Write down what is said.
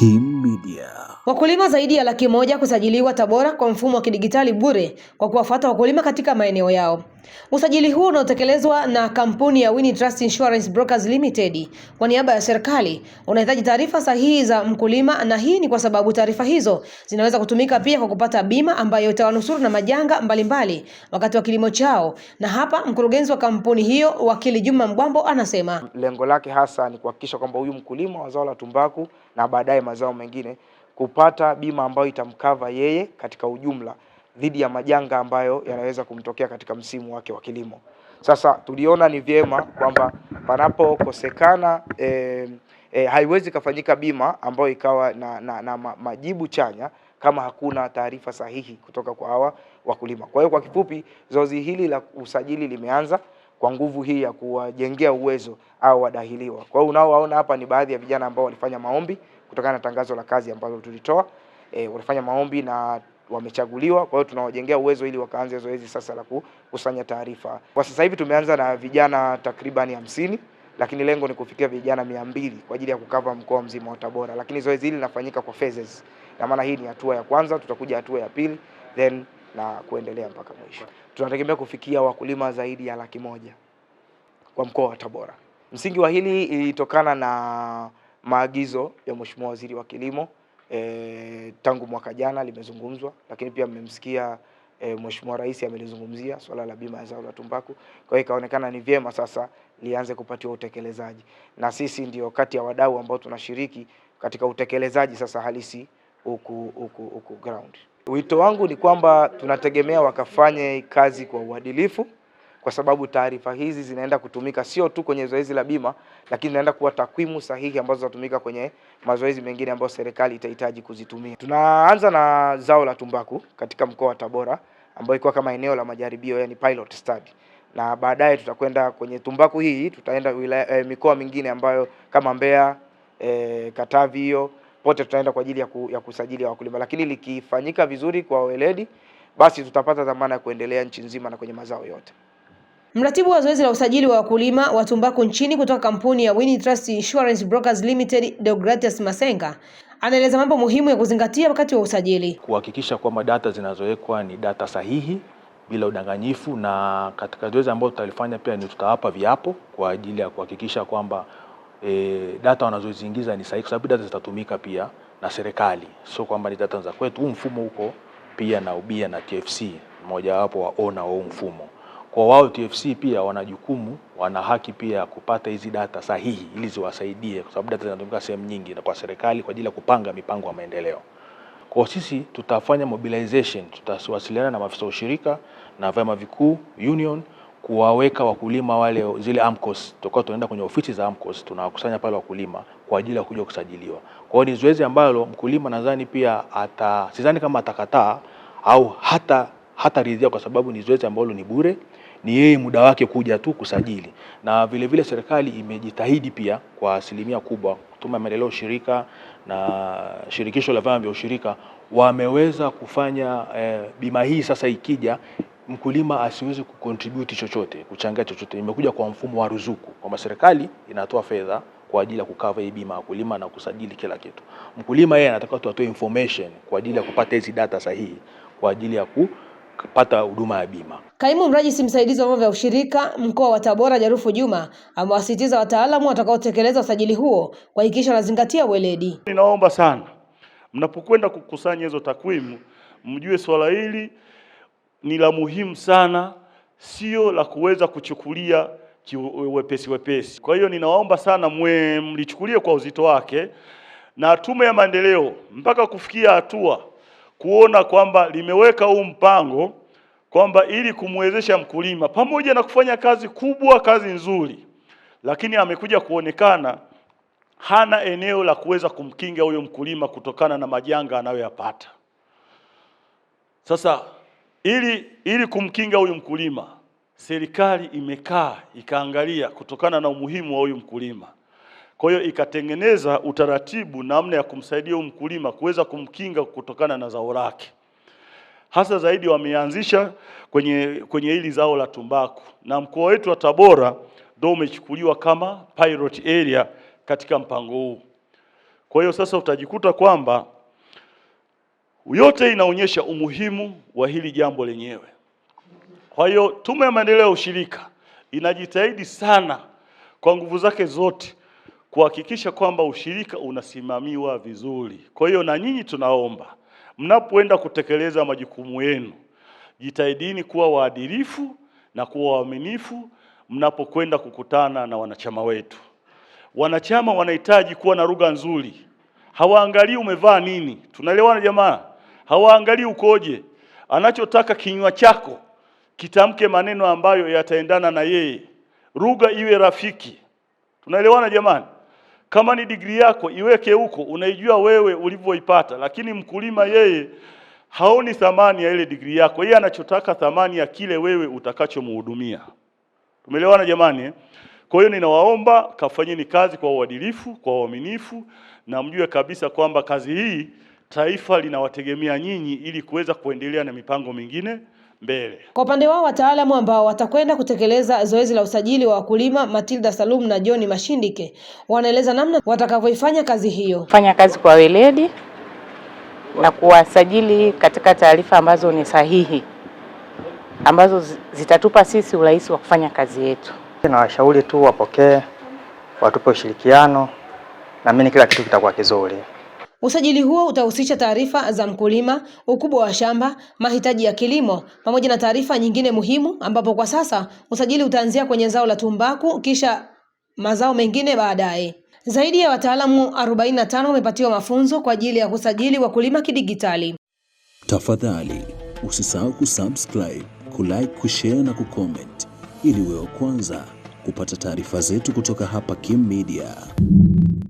Kim Media. Wakulima zaidi ya laki moja kusajiliwa Tabora kwa mfumo wa kidigitali bure kwa kuwafuata wakulima katika maeneo yao. Usajili huu unaotekelezwa na kampuni ya Winnie Trust Insurance Brokers Limited kwa niaba ya serikali unahitaji taarifa sahihi za mkulima, na hii ni kwa sababu taarifa hizo zinaweza kutumika pia kwa kupata bima ambayo itawanusuru na majanga mbalimbali mbali wakati wa kilimo chao. Na hapa mkurugenzi wa kampuni hiyo wakili Juma mbwambo anasema lengo lake hasa ni kuhakikisha kwamba huyu mkulima wa zao la tumbaku na baadaye mazao mengine kupata bima ambayo itamkava yeye katika ujumla dhidi ya majanga ambayo yanaweza kumtokea katika msimu wake wa kilimo. Sasa tuliona ni vyema kwamba panapokosekana eh, eh, haiwezi kafanyika bima ambayo ikawa na, na, na majibu chanya kama hakuna taarifa sahihi kutoka kwa hawa wakulima. Kwa hiyo kwa kifupi, zoezi hili la usajili limeanza kwa nguvu hii ya kuwajengea uwezo au wadahiliwa. Kwa hiyo unaowaona hapa ni baadhi ya vijana ambao walifanya maombi kutokana na tangazo la kazi ambalo tulitoa. E, walifanya maombi na wamechaguliwa. Kwa hiyo tunawajengea uwezo ili wakaanze zoezi sasa la kukusanya taarifa. Kwa sasa hivi tumeanza na vijana takriban hamsini lakini lengo ni kufikia vijana mia mbili kwa ajili ya kukava mkoa mzima wa Tabora, lakini zoezi hili linafanyika kwa phases, na maana hii ni hatua ya kwanza, tutakuja hatua ya pili then na kuendelea mpaka mwisho. Tunategemea kufikia wakulima zaidi ya laki moja kwa mkoa wa Tabora. Msingi wa hili ilitokana na maagizo ya Mheshimiwa Waziri wa Kilimo e, tangu mwaka jana limezungumzwa, lakini pia mmemsikia e, Mheshimiwa Rais amelizungumzia swala la bima ya zao la tumbaku. Kwa hiyo ikaonekana ni vyema sasa lianze kupatiwa utekelezaji, na sisi ndio kati ya wadau ambao tunashiriki katika utekelezaji sasa halisi huku huku huku ground. Wito wangu ni kwamba tunategemea wakafanye kazi kwa uadilifu kwa sababu taarifa hizi zinaenda kutumika sio tu kwenye zoezi la bima, lakini zinaenda kuwa takwimu sahihi ambazo zitatumika kwenye mazoezi mengine ambayo serikali itahitaji kuzitumia. Tunaanza na zao la tumbaku katika mkoa wa Tabora ambayo ilikuwa kama eneo la majaribio, yani pilot study, na baadaye tutakwenda kwenye tumbaku hii, tutaenda wilaya, eh, mikoa mingine ambayo kama Mbeya, eh, Katavi, hiyo pote tutaenda kwa ajili ya, ku, ya kusajili wakulima, lakini likifanyika vizuri kwa weledi, basi tutapata dhamana ya kuendelea nchi nzima na kwenye mazao yote. Mratibu wa zoezi la usajili wa wakulima wa tumbaku nchini kutoka kampuni ya Winnie Trust Insurance Brokers Limited, Deogratius Masenga anaeleza mambo muhimu ya kuzingatia wakati wa usajili. Kuhakikisha kwamba data zinazowekwa ni data sahihi bila udanganyifu, na katika zoezi ambalo tutalifanya pia ni tutawapa viapo kwa ajili ya kuhakikisha kwamba e, data wanazoziingiza ni sahihi, kwa sababu data zitatumika pia na serikali, sio kwamba ni data za kwetu. Huu mfumo huko pia na ubia na TFC mmojawapo wa owner wa huu mfumo kwa wao TFC pia wana jukumu, wana haki pia ya kupata hizi data sahihi ili ziwasaidie, kwa sababu data zinatumika sehemu nyingi na kwa serikali kwa ajili ya kupanga mipango ya maendeleo. Kwa sisi tutafanya mobilization, tutawasiliana na maafisa ushirika na vyama vikuu union kuwaweka wakulima wale zile AMCOS, tutakuwa tunaenda kwenye ofisi za AMCOS, tunawakusanya pale wakulima kwa ajili ya kuja kusajiliwa. Kwa hiyo ni zoezi ambalo mkulima nadhani pia ata, sidhani kama atakataa au hata hataridhia, kwa sababu ni zoezi ambalo ni bure ni yeye muda wake kuja tu kusajili. Na vilevile vile serikali imejitahidi pia kwa asilimia kubwa, Tume ya Maendeleo Ushirika na Shirikisho la Vyama vya Ushirika wameweza kufanya eh, bima hii sasa ikija mkulima asiwezi kukontributi chochote kuchangia chochote, imekuja kwa mfumo wa ruzuku kwamba serikali inatoa fedha kwa ajili ya kukava hii bima ya wakulima na kusajili kila kitu. Mkulima yeye anatakiwa tu atoe information kwa ajili ya kupata hizi data sahihi kwa ajili ya ku kupata huduma ya bima. Kaimu mrajisi msaidizi wa mambo ya ushirika mkoa wa Tabora, Jarufu Juma, amewasisitiza wataalamu watakaotekeleza usajili huo kuhakikisha wanazingatia weledi. Ninaomba sana mnapokwenda kukusanya hizo takwimu, mjue swala hili ni la muhimu sana, sio la kuweza kuchukulia wepesi wepesi. Kwa hiyo ninawaomba sana mwe mlichukulie kwa uzito wake, na Tume ya Maendeleo mpaka kufikia hatua kuona kwamba limeweka huu mpango kwamba ili kumwezesha mkulima pamoja na kufanya kazi kubwa, kazi nzuri, lakini amekuja kuonekana hana eneo la kuweza kumkinga huyo mkulima kutokana na majanga anayoyapata. Sasa ili ili kumkinga huyu mkulima, serikali imekaa ikaangalia kutokana na umuhimu wa huyu mkulima kwa hiyo ikatengeneza utaratibu namna ya kumsaidia huyu mkulima kuweza kumkinga kutokana na zao lake. Hasa zaidi wameanzisha kwenye kwenye hili zao la tumbaku, na mkoa wetu wa Tabora ndio umechukuliwa kama pilot area katika mpango huu. Kwa hiyo sasa utajikuta kwamba yote inaonyesha umuhimu wa hili jambo lenyewe. Kwa hiyo Tume ya Maendeleo ya Ushirika inajitahidi sana kwa nguvu zake zote kuhakikisha kwamba ushirika unasimamiwa vizuri. Kwa hiyo na nyinyi tunaomba mnapoenda kutekeleza majukumu yenu, jitahidini kuwa waadilifu na kuwa waaminifu mnapokwenda kukutana na wanachama wetu. Wanachama wanahitaji kuwa na lugha nzuri. Hawaangalii umevaa nini, tunaelewana jamaa? Hawaangalii ukoje, anachotaka kinywa chako kitamke maneno ambayo yataendana na yeye. Lugha iwe rafiki, tunaelewana jamani? Kama ni digrii yako iweke huko, unaijua wewe ulivyoipata, lakini mkulima yeye haoni thamani ya ile digrii yako. Yeye anachotaka thamani ya kile wewe utakachomhudumia. Tumeelewana jamani eh? Kwa hiyo ninawaomba kafanyeni kazi kwa uadilifu, kwa uaminifu na mjue kabisa kwamba kazi hii taifa linawategemea nyinyi ili kuweza kuendelea na mipango mingine mbele. Kwa upande wao wataalamu ambao watakwenda kutekeleza zoezi la usajili wa wakulima Matilda Salum na John Mashindike wanaeleza namna watakavyoifanya kazi hiyo. Fanya kazi kwa weledi na kuwasajili katika taarifa ambazo ni sahihi ambazo zitatupa sisi urahisi wa kufanya kazi yetu. Na washauri tu wapokee, watupe ushirikiano, na mimi kila kitu kitakuwa kizuri. Usajili huo utahusisha taarifa za mkulima, ukubwa wa shamba, mahitaji ya kilimo pamoja na taarifa nyingine muhimu, ambapo kwa sasa usajili utaanzia kwenye zao la tumbaku kisha mazao mengine baadaye. Zaidi ya wataalamu 45 wamepatiwa mafunzo kwa ajili ya kusajili wakulima kidigitali. Tafadhali usisahau kusubscribe, kulike, kushare na kucomment ili wewe kwanza kupata taarifa zetu kutoka hapa Kim Media.